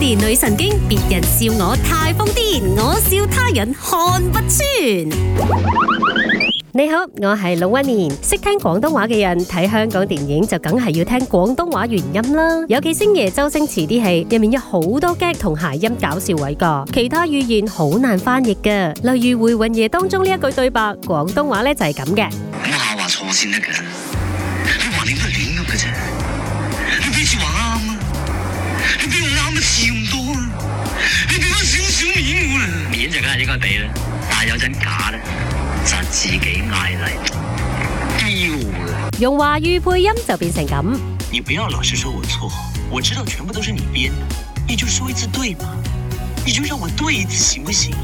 年女神經，別人笑我太瘋癲，我笑他人看不穿。你好，我係老溫年，識聽廣東話嘅人睇香港電影就梗係要聽廣東話原音啦。尤其星爺、周星馳啲戲入面有好多梗同諧音搞笑位㗎，其他語言好難翻譯噶。例如《回魂夜》當中呢一句對白，廣東話呢就係咁嘅。我下話錯先得嘅？你話你都亂噏嘅啫，你幾時話我啱？應該俾咧，但係有陣假咧，就自己嗌嚟，用華語配音就變成咁。你不要老是說我錯，我知道全部都是你編，你就說一次對嘛，你就讓我對一次行不行？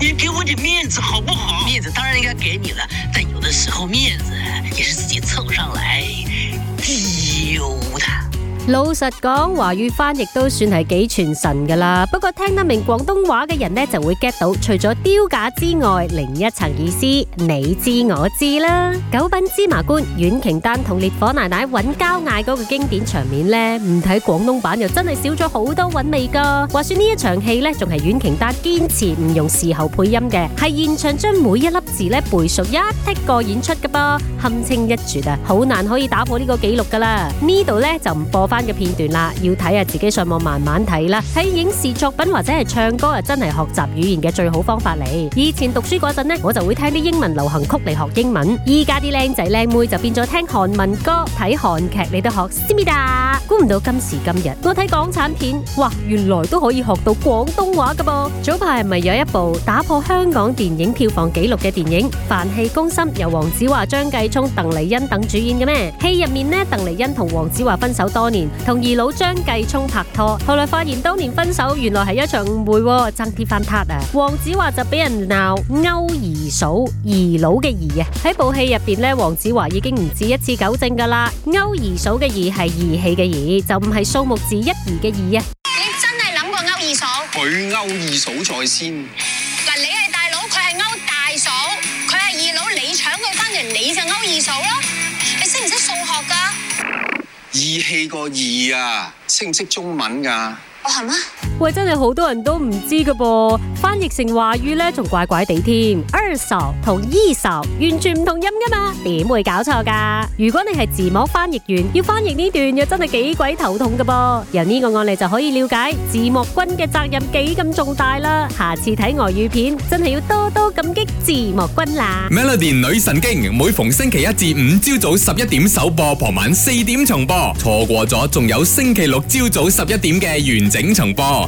你給我點面子好不好？面子當然應該給你啦，但有的時候面子也是自己湊上來。老實講，華語翻譯都算係幾傳神噶啦。不過聽得明廣東話嘅人呢，就會 get 到除咗丟架之外另一層意思。你知我知啦。九品芝麻官，苑瓊丹同烈火奶奶揾交嗌嗰個經典場面呢，唔睇廣東版又真係少咗好多韻味噶。話說呢一場戲咧，仲係苑瓊丹堅持唔用事後配音嘅，係現場將每一粒字呢，背熟一剔過演出噶噃，堪稱一絕啊！好難可以打破呢個紀錄噶啦。呢度呢，就唔播翻嘅片段啦，要睇下自己上網慢慢睇啦。睇影視作品或者係唱歌啊，真係學習語言嘅最好方法嚟。以前讀書嗰陣呢，我就會聽啲英文流行曲嚟學英文。依家啲靚仔靚妹就變咗聽韓文歌，睇韓劇你都學知咪。估唔到今時今日，我睇港產片，哇，原來都可以學到廣東話噶噃。早排係咪有一部打破香港電影票房紀錄嘅電影《飯戲攻心》，由黃子華、張繼聰、鄧麗欣等主演嘅咩？戲入面呢，鄧麗欣同黃子華分手多年。同二佬張繼聰拍拖，後來發現當年分手原來係一場誤會，爭啲翻撻啊！黃子華就俾人鬧勾二嫂，二佬嘅二啊！喺部戲入邊咧，黃子華已經唔止一次糾正噶啦，勾義嫂嘅義係義氣嘅義，就唔係數目字一二嘅二啊！你真係諗過勾二嫂？佢勾二嫂在先，嗱你係大佬，佢係勾大嫂，佢係二佬，你搶佢翻嚟，你就勾二嫂囉！你識唔識數？義氣個義啊，識唔識中文噶？我係咩？喂，真係好多人都唔知噶噃，翻譯成華語呢，仲怪怪地添。Earth 二首同 earth 一首完全唔同音噶嘛，點會搞錯噶？如果你係字幕翻譯員，要翻譯呢段，又真係幾鬼頭痛噶噃。由呢個案例就可以了解，字幕君嘅責任幾咁重大啦。下次睇外語片，真係要多多感激字幕君啦。Melody 女神經，每逢星期一至五朝早十一點首播，傍晚四點重播，錯過咗仲有星期六朝早十一點嘅完整重播。